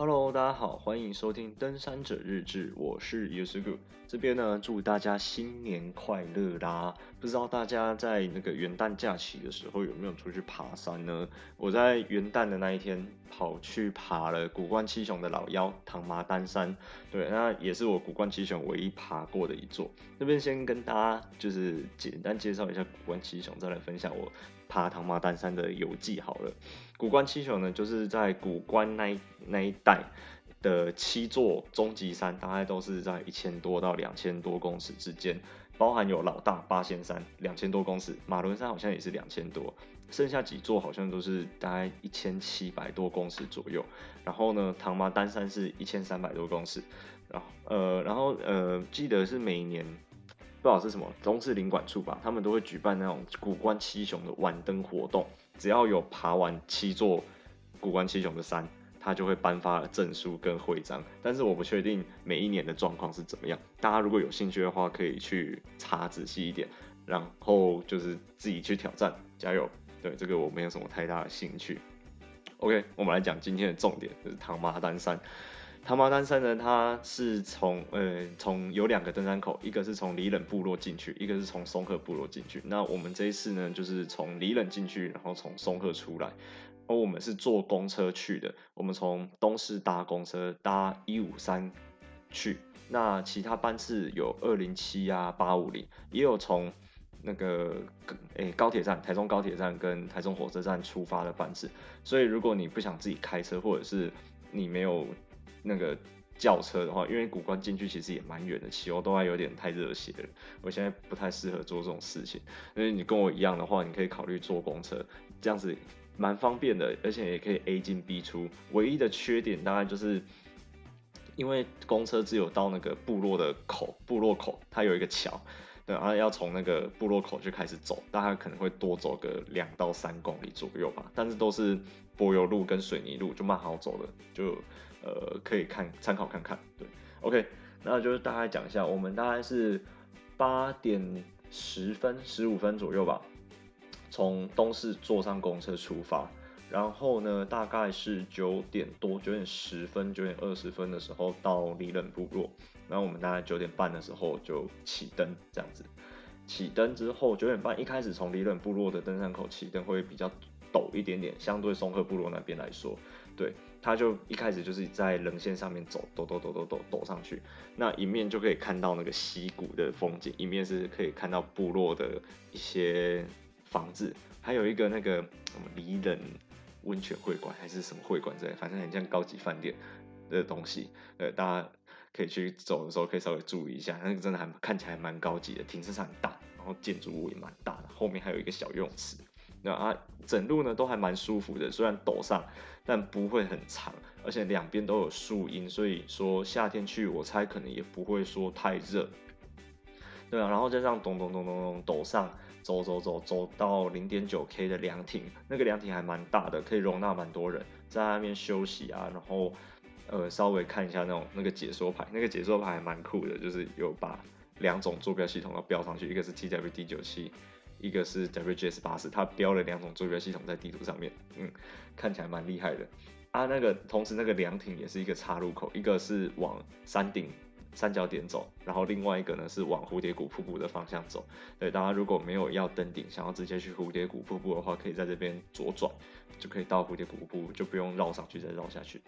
Hello，大家好，歡迎收聽《登山者日誌》，我是 y o u s o g u，這邊呢，祝大家新年快樂啦！不知道大家在那個元旦假期的時候有沒有出去爬山呢？我在元旦的那一天跑去爬了谷關七雄的老麼，唐麻丹山。對，那也是我谷關七雄唯一爬過的一座。這邊先跟大家就是簡單介紹一下谷關七雄，再來分享我。爬唐麻丹山的遊記好了。谷關七雄呢，就是在谷關那一那一帶的七座中級山，大概都是在一千多到兩千多公尺之間，包含有老大八仙山兩千多公尺，馬崙山好像也是兩千多，剩下幾座好像都是大概一千七百多公尺左右。然後呢，唐麻丹山是一千三百多公尺，然後呃，然後呃，記得是每一年。不知道是什麼中式林管處吧，他們都會舉辦那種谷關七雄的完登活動，只要有爬完七座谷關七雄的山，他就會頒發了證書跟徽章。但是我不確定每一年的狀況是怎麼樣，大家如果有興趣的話，可以去查仔細一點，然後就是自己去挑戰，加油！對，這個我沒有什麼太大的興趣。OK，我們來講今天的重點，就是唐麻丹山。唐麻丹山呢？它是從呃，從、嗯、有兩個登山口，一個是從裡冷部落進去，一個是從松鶴部落進去。那我們這一次呢，就是從裡冷進去，然後從松鶴出來。而我們是坐公車去的，我們從東勢搭公車搭一五三去。那其他班次有二零七啊、八五零，也有從那個誒、欸、高鐵站、台中高鐵站跟台中火車站出發的班次。所以如果你不想自己開車，或者是你沒有那個轎車的話，因為谷關進去其實也蠻遠的，起歐都還有點太熱血了。我現在不太適合做這種事情，因為你跟我一樣的話，你可以考慮坐公車，這樣子蠻方便的，而且也可以 A 進 B 出。唯一的缺點大概就是因為公車只有到那個部落的口，部落口它有一個橋，對，然後要從那個部落口就開始走，大概可能會多走個兩到三公里左右吧。但是都是柏油路跟水泥路，就蠻好走的，就。呃，可以看參考看看，對，OK，那就是大概講一下，我們大概是八點十分、十五分左右吧，從東勢坐上公車出發，然後呢，大概是九點多、九點十分、九點二十分的時候到裡冷部落，然後我們大概九點半的時候就起登這樣子。起登之後九點半一開始從裡冷部落的登山口起登會比較陡一點點，相對松鶴部落那邊來說。對，他就一開始就是在稜線上面走，抖抖抖抖抖抖上去。那一面就可以看到那個溪谷的風景，一面是可以看到部落的一些房子，還有一個那個什麼離人溫泉會館還是什麼會館，之類的，反正很像高級飯店的東西。呃，大家可以去走的時候可以稍微注意一下，那個真的還看起來還蠻高級的，停車場很大，然後建築物也蠻大的，後面還有一個小游泳池。那啊，整路呢都還蠻舒服的，雖然陡上，但不會很長，而且兩邊都有樹蔭，所以說夏天去，我猜可能也不會說太熱，對啊，然後就這樣咚咚咚咚咚陡上走走走走到零點九 K 的涼亭，那個涼亭還蠻大的，可以容納蠻多人在那邊休息啊，然後呃稍微看一下那種那個解說牌，那個解說牌還蠻酷的，就是有把兩種坐標系統都標上去，一個是 TWD 九七。一個是 WGS 八十，它標了兩種坐標系統在地圖上面，嗯，看起來蠻厲害的啊。那個同時，那個涼亭也是一個岔路口，一個是往山頂三角點走，然後另外一個呢是往蝴蝶谷瀑布的方向走。對，大家如果沒有要登頂，想要直接去蝴蝶谷瀑布的話，可以在這邊左轉，就可以到蝴蝶谷瀑布，就不用繞上去再繞下去。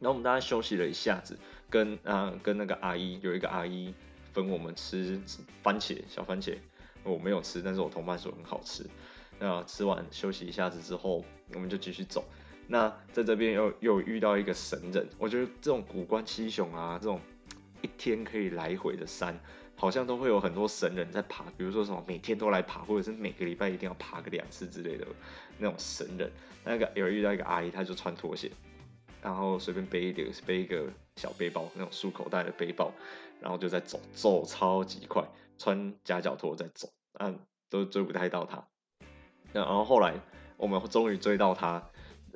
然後我們大家休息了一下子，跟啊跟那個阿姨，有一個阿姨分我們吃番茄，小番茄。我沒有吃，但是我同伴說很好吃。那吃完休息一下子之後，我們就繼續走。那在這邊又又遇到一個神人，我覺得這種谷關七雄啊，這種一天可以來回的山，好像都會有很多神人在爬。比如說什麼每天都來爬，或者是每個禮拜一定要爬個兩次之類的那種神人。那個有遇到一個阿姨，她就穿拖鞋，然後隨便背一個背一個小背包，那種束口袋的背包，然後就在走走超級快，穿夾腳拖在走。但、啊、都追不太到他，嗯、然後後來我們終於追到他，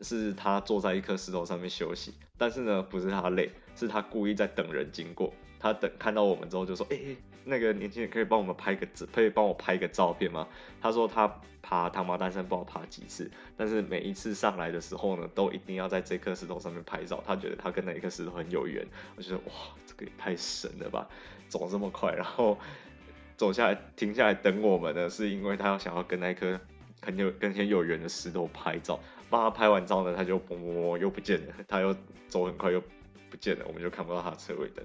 是他坐在一顆石頭上面休息。但是呢，不是他累，是他故意在等人經過。他等看到我們之後就說：“哎，那個年輕人可以幫我們拍個照，可以幫我拍個照片嗎？”他說他爬唐麻丹山，不知道爬幾次，但是每一次上來的時候呢，都一定要在這顆石頭上面拍照。他覺得他跟那顆石頭很有緣。我覺得哇，這個也太神了吧，走這麼快，然後。走下來，停下來等我們呢，是因為他要想要跟那顆很有、跟很有緣的石頭拍照。幫他拍完照呢，他就啵啵啵啵又不見了，他又走很快又不見了，我們就看不到他的車尾燈。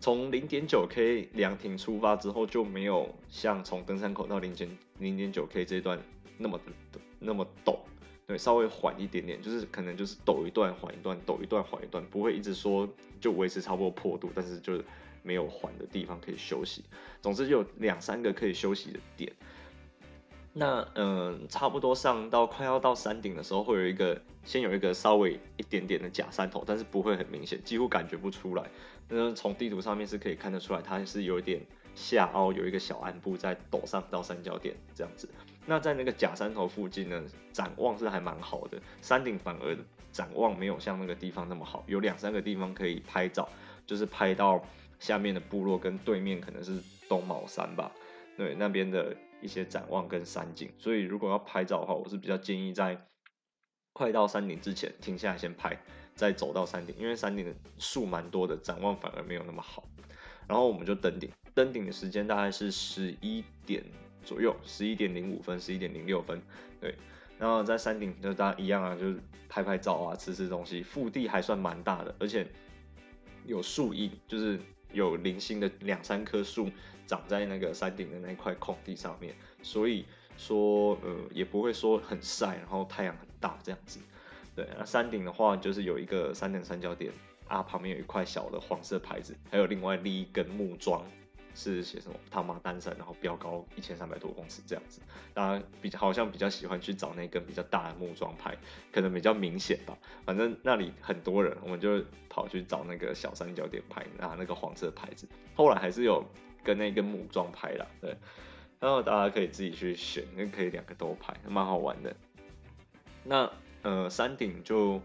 從零點九 K 涼亭出發之後，就沒有像從登山口到零點零點九 K 這一段那麼那麼陡，對，稍微緩一點點，就是可能就是陡一段緩一段，陡一段緩一段，不會一直說就維持差不多坡度，但是就是。沒有緩的地方可以休息，總之就有兩三個可以休息的點。那嗯、呃，差不多上到快要到山頂的時候，會有一個先有一個稍微一點點的假山頭，但是不會很明顯，幾乎感覺不出來。那從地圖上面是可以看得出來，它是有點下凹，有一個小鞍部在陡上到三角點這樣子。那在那個假山頭附近呢，展望是還蠻好的，山頂反而展望沒有像那個地方那麼好，有兩三個地方可以拍照，就是拍到。下面的部落跟對面可能是東卯山吧，對，那邊的一些展望跟山景，所以如果要拍照的話，我是比較建議在快到山頂之前停下來先拍，再走到山頂，因為山頂的樹蠻多的，展望反而沒有那麼好。然後我們就登頂，登頂的時間大概是十一點左右，十一點零五分，十一點零六分，對。然後在山頂就大家一樣啊，就是拍拍照啊，吃吃東西，腹地還算蠻大的，而且有樹蔭，就是。有零星的兩三棵樹長在那個山頂的那塊空地上面，所以說呃也不會說很曬，然後太陽很大這樣子。對，那、啊、山頂的話就是有一個山頂三角點啊，旁邊有一塊小的黃色牌子，還有另外立一根木樁。是寫什麼，唐麻丹山，然後標高一千三百多公尺這樣子。大家比較好像比較喜歡去找那根比較大的木樁拍，可能比較明顯吧。反正那裡很多人，我們就跑去找那個小三角點拍，拿那個黃色牌子。後來還是有跟那根木樁拍了，對。然後大家可以自己去選，可以兩個都拍，蠻好玩的。那，呃，山頂就。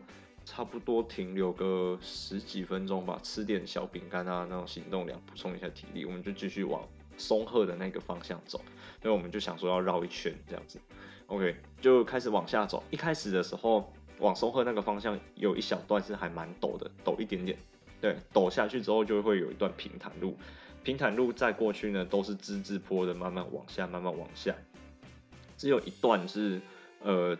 差不多停留個十幾分鐘吧，吃點小餅乾啊，那種行動糧，補充一下體力，我們就繼續往松鶴的那個方向走。所以我們就想說要繞一圈這樣子，OK，就開始往下走。一開始的時候，往松鶴那個方向有一小段是還蠻陡的，陡一點點。對，陡下去之後就會有一段平坦路，平坦路再過去呢，都是直直坡的，慢慢往下，慢慢往下。只有一段是，呃。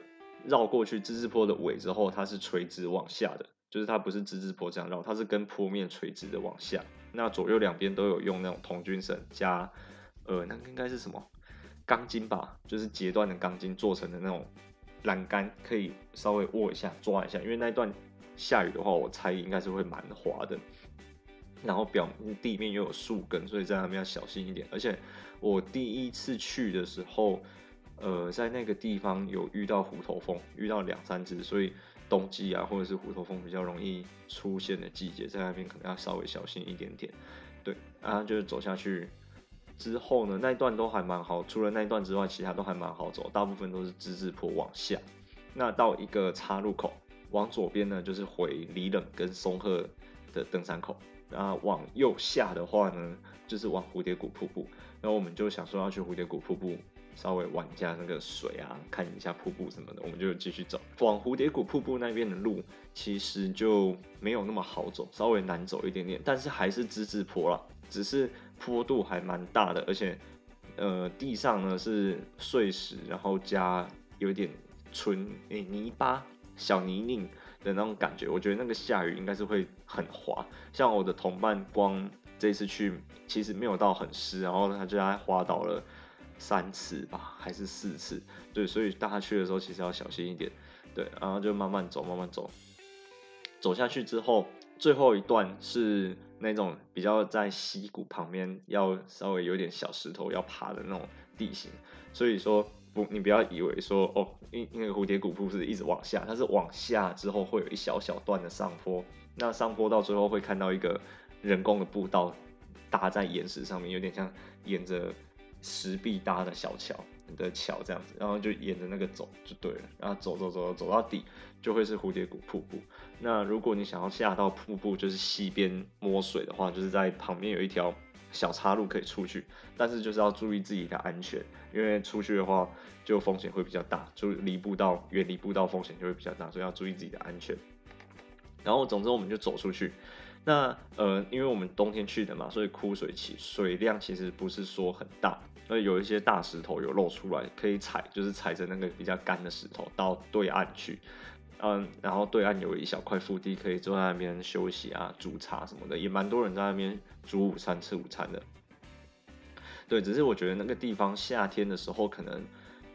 繞過去之字坡的尾之後，它是垂直往下的，就是它不是之字坡這樣繞，它是跟坡面垂直的往下。那左右兩邊都有用那種銅軍繩加，呃，那個、應該是什麼鋼筋吧？就是截斷的鋼筋做成的那種欄杆，可以稍微握一下、抓一下，因為那段下雨的話，我猜應該是會蠻滑的。然後表面地面又有樹根，所以在那邊要小心一點。而且我第一次去的時候，呃，在那個地方有遇到虎頭蜂，遇到兩三隻，所以冬季啊，或者是虎頭蜂比較容易出現的季節，在那邊可能要稍微小心一點點。對，然後，啊，就是走下去之後呢，那一段都還蠻好，除了那一段之外，其他都還蠻好走，大部分都是之字坡往下。那到一個岔路口，往左邊呢就是回裡冷跟松鶴的登山口，然後往右下的話呢，就是往蝴蝶谷瀑布。然後我們就想說要去蝴蝶谷瀑布。稍微玩一下那個水啊，看一下瀑布什麼的，我們就繼續走往蝴蝶谷瀑布那邊的路，其實就沒有那麼好走，稍微難走一點點，但是還是之字坡啦，只是坡，坡度還蠻大的，而且呃地上呢是碎石，然後加有點純泥、欸、泥巴小泥濘的那種感覺，我覺得那個下雨應該是會很滑，像我的同伴光這次去其實沒有到很濕，然後他就滑倒了。三次吧，還是四次？對，所以大家去的時候其實要小心一點。對，然後就慢慢走，慢慢走。走下去之後，最後一段是那種比較在溪谷旁邊，要稍微有點小石頭要爬的那種地形。所以說，不，你不要以為說哦，因因為蝴蝶谷不是一直往下，它是往下之後會有一小小段的上坡。那上坡到最後會看到一個人工的步道搭在岩石上面，有點像沿着。石壁搭的小橋的橋這樣子，然後就沿着那個走就對了，然後走走走，走到底，就會是蝴蝶谷瀑布。那如果你想要下到瀑布，就是溪邊摸水的話，就是在旁邊有一條小岔路可以出去，但是就是要注意自己的安全，因為出去的話就風險會比較大，就離步道遠離步道風險就會比較大，所以要注意自己的安全。然後總之我們就走出去，那呃，因為我們冬天去的嘛，所以枯水期水量其實不是說很大。呃，有一些大石頭有露出來，可以踩，就是踩着那個比較乾的石頭到對岸去。嗯，然後對岸有一小塊腹地，可以坐在那邊休息啊，煮茶什麼的，也蠻多人在那邊煮午餐、吃午餐的。對，只是我覺得那個地方夏天的時候可能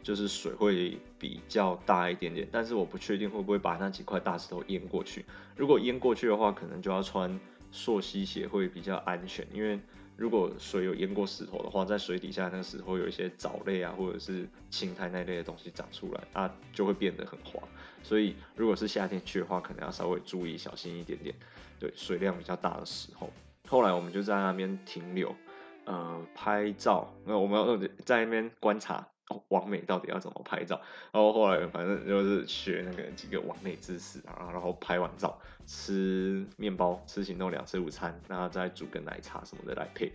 就是水會比較大一點點，但是我不確定會不會把那幾塊大石頭淹過去。如果淹過去的話，可能就要穿溯溪鞋會比較安全，因為。如果水有淹過石頭的話，在水底下那個石頭有一些藻類啊，或者是青苔那類的東西長出來，啊就會變得很滑。所以如果是夏天去的話，可能要稍微注意小心一點點。對，水量比較大的時候，後來我們就在那邊停留，呃，拍照，那我們又在那邊觀察。哦，網美到底要怎麼拍照？然後後來反正就是學那個幾個網美姿勢啊，然後拍完照，吃麵包、吃行動兩次午餐，然後再煮個奶茶什麼的來配，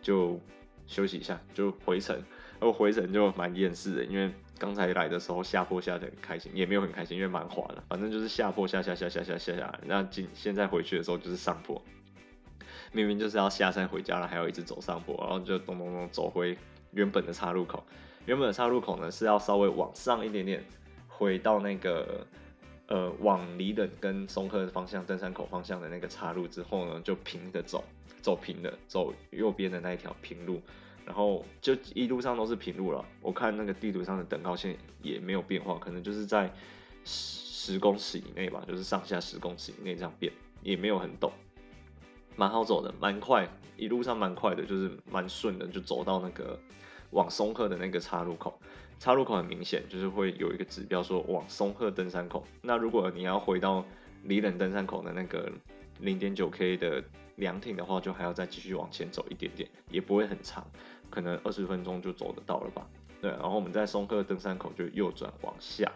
就休息一下，就回程。然後，我回程就蠻厭世的，因為剛才來的時候下坡下得很開心，也沒有很開心，因為蠻滑的。反正就是下坡下下下下下下下，那今現在回去的時候就是上坡，明明就是要下山回家了，還要一直走上坡，然後就咚咚咚走回。原本的岔路口，原本的岔路口呢是要稍微往上一點點，回到那個呃往裡冷跟松鶴的方向登山口方向的那個岔路之後呢，就平着走，走平的，走右邊的那一條平路，然後就一路上都是平路了。我看那個地圖上的等高線也沒有變化，可能就是在十十公尺以內吧，就是上下十公尺以內這樣變，也沒有很陡，蠻好走的，蠻快，一路上蠻快的，就是蠻順的，就走到那個。往松鶴的那個岔路口，岔路口很明顯，就是會有一個指標說往松鶴登山口。那如果你要回到裡冷登山口的那個零點九 K 的涼亭的話，就還要再繼續往前走一點點，也不會很長，可能二十分鐘就走得到了吧。對，然後我們在松鶴登山口就右轉往下，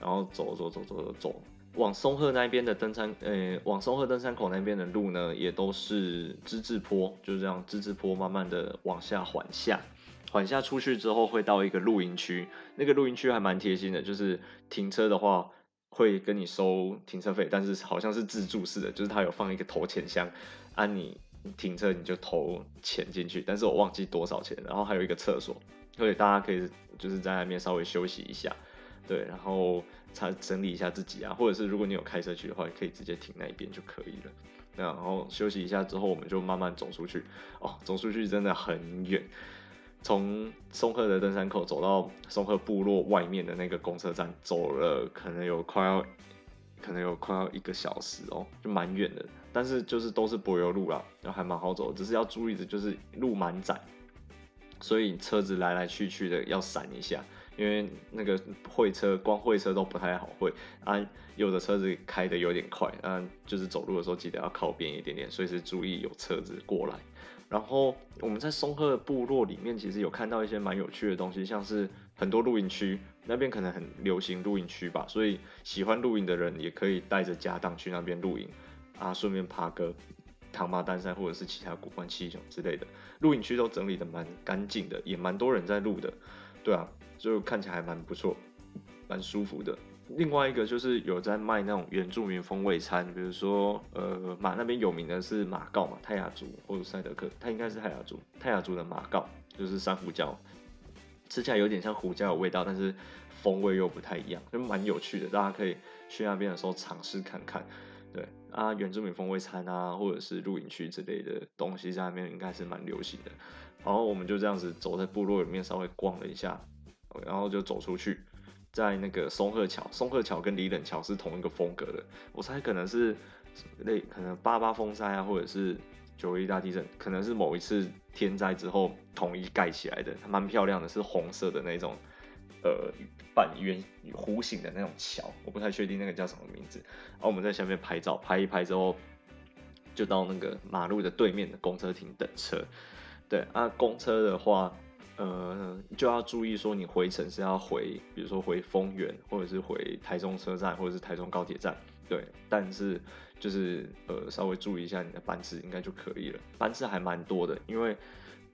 然後走走走走走走，往松鶴那邊的登山，呃，往松鶴登山口那邊的路呢，也都是之字坡，就這樣之字坡慢慢的往下緩下。緩下出去之後會到一個露營區，那個露營區還蠻貼心的，就是停車的話會跟你收停車費，但是好像是自助式的，就是他有放一個投錢箱，按、啊、你停車你就投錢進去，但是我忘記多少錢。然後還有一個廁所，所以大家可以就是在外面稍微休息一下，對，然後擦整理一下自己啊，或者是如果你有開車去的話，可以直接停那邊就可以了。那然後休息一下之後，我們就慢慢走出去。哦，走出去真的很遠。從松鶴的登山口走到松鶴部落外面的那個公車站，走了可能有快要，可能有快要一個小時哦，就蠻遠的。但是就是都是柏油路啦，就還蠻好走。只是要注意的就是路蠻窄，所以車子來來去去的要閃一下，因為那個會車，光會車都不太好會啊。有的車子開的有點快，嗯、啊，就是走路的時候記得要靠邊一點點，隨時注意有車子過來。然後我們在松鶴部落裡面，其實有看到一些蠻有趣的東西，像是很多露營區，那邊可能很流行露營區吧，所以喜歡露營的人也可以帶着家當去那邊露營啊，順便爬個唐麻丹山或者是其他谷關七雄之類的。露營區都整理的蠻乾淨的，也蠻多人在露的，對啊，就看起來還蠻不錯，蠻舒服的。另外一個就是有在賣那種原住民風味餐，比如說呃，馬那邊有名的是馬告嘛，泰雅族或者賽德克，它應該是泰雅族，泰雅族的馬告就是山胡椒，吃起來有點像胡椒的味道，但是風味又不太一樣，就蠻有趣的，大家可以去那邊的時候嘗試看看。對啊，原住民風味餐啊，或者是露營區之類的東西在那邊應該是蠻流行的。然後我們就這樣子走在部落裡面稍微逛了一下，然後就走出去。在那個松鶴橋，松鶴橋跟裡冷橋是同一個風格的，我猜可能是類，可能八八風災啊，或者是九一大地震，可能是某一次天災之後統一蓋起來的，它蠻漂亮的，是紅色的那種，呃，半圓弧形的那種橋，我不太確定那個叫什麼名字。然後，啊，我們在下面拍照，拍一拍之後，就到那個馬路的對面的公車亭等車。對，啊，公車的話。呃，就要注意說，你回程是要回，比如說回豐原，或者是回台中車站，或者是台中高鐵站，對。但是就是呃，稍微注意一下你的班次，應該就可以了。班次還蠻多的，因為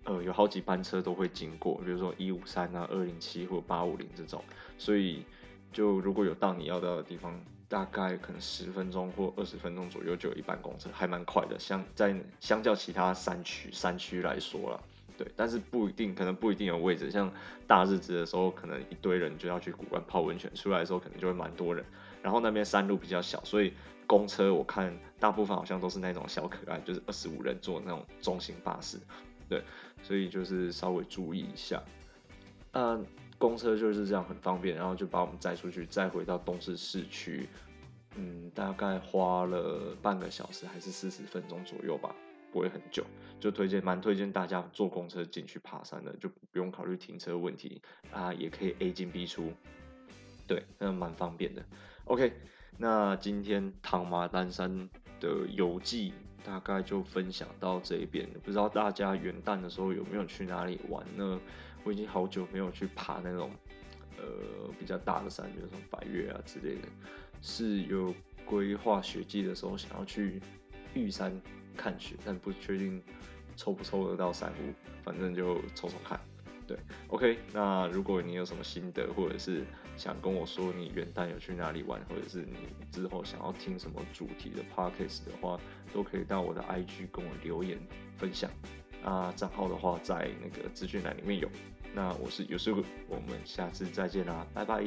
呃有好幾班車都會經過，比如說一五三啊、二零七或八五零這種，所以就如果有到你要到的地方，大概可能十分鐘或二十分鐘左右就有一班公車，還蠻快的。像在相較其他山區山區來說啦。對，但是不一定，可能不一定有位置。像大日子的時候，可能一堆人就要去谷關泡溫泉，出來的時候可能就會蠻多人。然後那邊山路比較小，所以公車我看大部分好像都是那種小可愛，就是二十五人坐那種中型巴士。對，所以就是稍微注意一下。嗯、呃，公車就是這樣很方便，然後就把我們載出去，再回到東勢市區。嗯，大概花了半個小時還是四十分鐘左右吧。不會很久，就推薦蠻推薦大家坐公車進去爬山的，就不用考慮停車問題啊，也可以 A 進 B 出，對，那蠻方便的。OK，那今天唐麻丹山的遊記大概就分享到這邊，不知道大家元旦的時候有沒有去哪裡玩呢？我已經好久沒有去爬那種呃比較大的山，比如說百岳啊之類的，是有規劃雪季的時候想要去玉山。看去，但不確定抽不抽得到三五，反正就抽抽看。對，OK。那如果你有什麼心得，或者是想跟我說你元旦有去哪裡玩，或者是你之後想要聽什麼主題的 podcast 的話，都可以到我的 IG 跟我留言分享。那賬號的話，在那個資訊欄裡面有。那我是有聲哥，我們下次再見啦，拜拜。